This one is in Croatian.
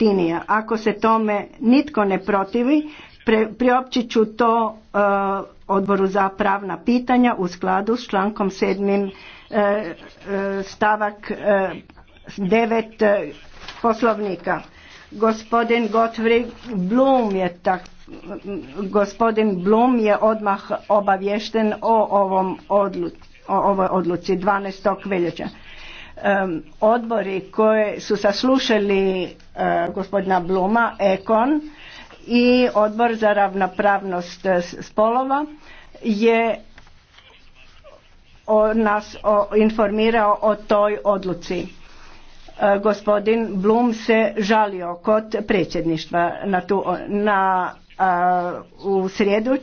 jeftinija. Ako se tome nitko ne protivi, pre, priopćit ću to e, odboru za pravna pitanja u skladu s člankom 7. E, e, stavak e, poslovnika. Gospodin Gottfried Blum je tak, gospodin Blum je odmah obavješten o ovom o ovoj odluci 12. veljača odbori koje su saslušali eh, gospodina Bluma, Ekon i odbor za ravnopravnost eh, spolova je nas informirao o toj odluci. Eh, gospodin Blum se žalio kod predsjedništva na na, u srijedu